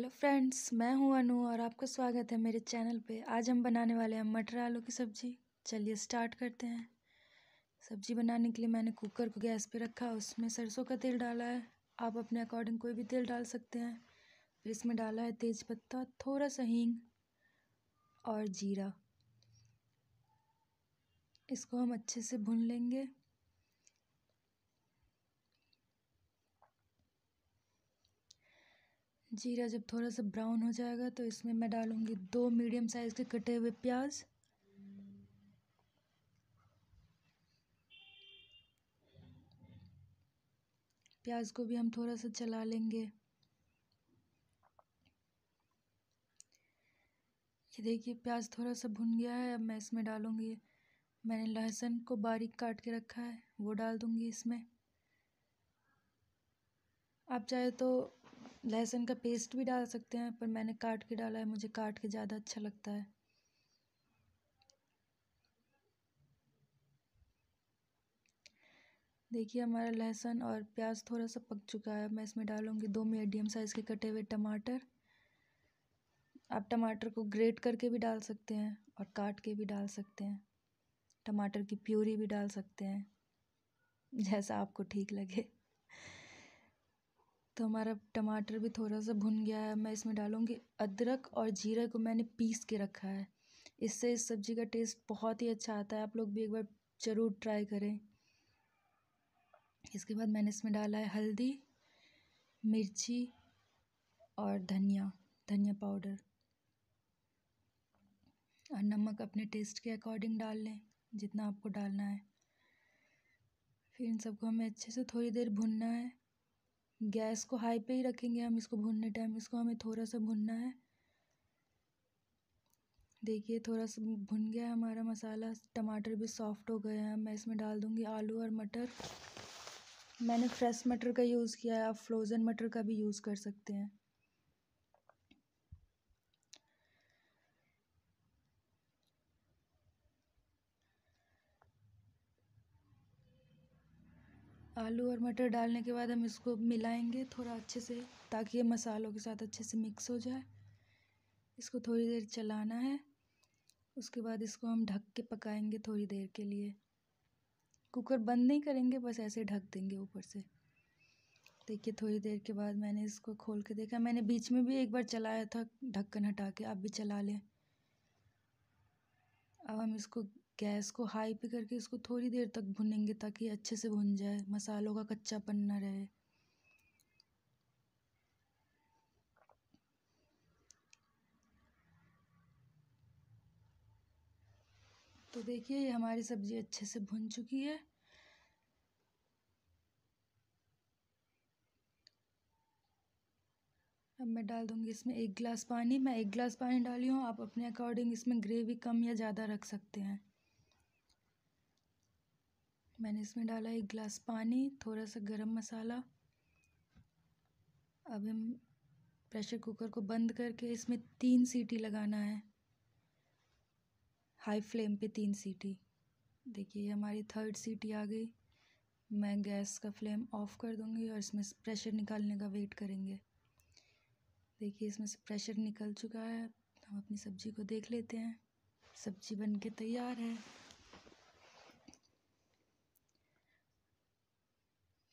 hello friends मैं हूं अनु और आपका स्वागत है मेरे चैनल पे आज हम बनाने वाले हैं मटर आलू की सब्ज़ी चलिए स्टार्ट करते हैं सब्ज़ी बनाने के लिए मैंने कुकर को गैस पे रखा उसमें सरसों का तेल डाला है आप अपने अकॉर्डिंग कोई भी तेल डाल सकते हैं फिर इसमें डाला है तेज पत्ता थोड़ा सा हींग और जीरा इसको हम अच्छे से भून लेंगे जीरा जब थोड़ा सा ब्राउन हो जाएगा तो इसमें मैं डालूँगी दो मीडियम साइज़ के कटे हुए प्याज प्याज को भी हम थोड़ा सा चला लेंगे ये देखिए प्याज थोड़ा सा भुन गया है अब मैं इसमें डालूँगी मैंने लहसुन को बारीक काट के रखा है वो डाल दूँगी इसमें आप चाहे तो लहसुन का पेस्ट भी डाल सकते हैं पर मैंने काट के डाला है मुझे काट के ज़्यादा अच्छा लगता है देखिए हमारा लहसुन और प्याज थोड़ा सा पक चुका है मैं इसमें डालूँगी दो मीडियम साइज़ के कटे हुए टमाटर आप टमाटर को ग्रेट करके भी डाल सकते हैं और काट के भी डाल सकते हैं टमाटर की प्यूरी भी डाल सकते हैं जैसा आपको ठीक लगे तो हमारा टमाटर भी थोड़ा सा भुन गया है मैं इसमें डालूँगी अदरक और जीरा को मैंने पीस के रखा है इससे इस सब्ज़ी का टेस्ट बहुत ही अच्छा आता है आप लोग भी एक बार ज़रूर ट्राई करें इसके बाद मैंने इसमें डाला है हल्दी मिर्ची और धनिया धनिया पाउडर और नमक अपने टेस्ट के अकॉर्डिंग डाल लें जितना आपको डालना है फिर इन सबको हमें अच्छे से थोड़ी देर भुनना है गैस को हाई पे ही रखेंगे हम इसको भूनने टाइम इसको हमें थोड़ा सा भुनना है देखिए थोड़ा सा भुन गया हमारा मसाला टमाटर भी सॉफ्ट हो गए हैं मैं इसमें डाल दूँगी आलू और मटर मैंने फ्रेश मटर का यूज़ किया है आप फ्रोज़न मटर का भी यूज़ कर सकते हैं आलू और मटर डालने के बाद हम इसको मिलाएंगे थोड़ा अच्छे से ताकि ये मसालों के साथ अच्छे से मिक्स हो जाए इसको थोड़ी देर चलाना है उसके बाद इसको हम ढक के पकाएंगे थोड़ी देर के लिए कुकर बंद नहीं करेंगे बस ऐसे ढक देंगे ऊपर से देखिए थोड़ी देर के बाद मैंने इसको खोल के देखा मैंने बीच में भी एक बार चलाया था ढक्कन हटा के आप भी चला लें अब हम इसको गैस को हाई पे करके इसको थोड़ी देर तक भुनेंगे ताकि अच्छे से भुन जाए मसालों का कच्चापन ना रहे तो देखिए ये हमारी सब्ज़ी अच्छे से भुन चुकी है अब मैं डाल दूंगी इसमें एक गिलास पानी मैं एक गिलास पानी डाली हूँ आप अपने अकॉर्डिंग इसमें ग्रेवी कम या ज़्यादा रख सकते हैं मैंने इसमें डाला एक गिलास पानी थोड़ा सा गरम मसाला अब हम प्रेशर कुकर को बंद करके इसमें तीन सीटी लगाना है हाई फ्लेम पे तीन सीटी देखिए हमारी थर्ड सीटी आ गई मैं गैस का फ्लेम ऑफ कर दूंगी और इसमें से प्रेशर निकालने का वेट करेंगे देखिए इसमें से प्रेशर निकल चुका है हम अपनी सब्ज़ी को देख लेते हैं सब्ज़ी बन के तैयार है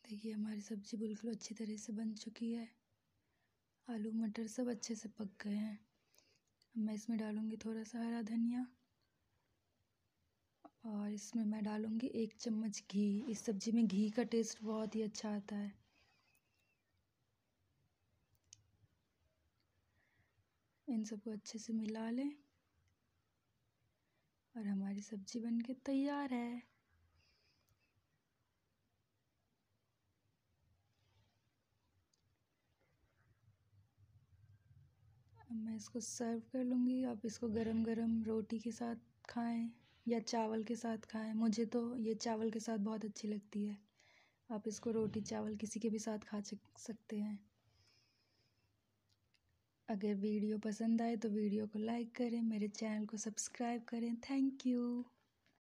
देखिए हमारी सब्ज़ी बिल्कुल अच्छी तरह से बन चुकी है आलू मटर सब अच्छे से पक गए हैं मैं इसमें डालूँगी थोड़ा सा हरा धनिया और इसमें मैं डालूँगी एक चम्मच घी इस सब्ज़ी में घी का टेस्ट बहुत ही अच्छा आता है इन सबको अच्छे से मिला लें और हमारी सब्ज़ी बनके तैयार है मैं इसको सर्व कर लूँगी आप इसको गरम गरम रोटी के साथ खाएं या चावल के साथ खाएं मुझे तो ये चावल के साथ बहुत अच्छी लगती है आप इसको रोटी चावल किसी के भी साथ खा सकते हैं अगर वीडियो पसंद आए तो वीडियो को लाइक करें मेरे चैनल को सब्सक्राइब करें थैंक यू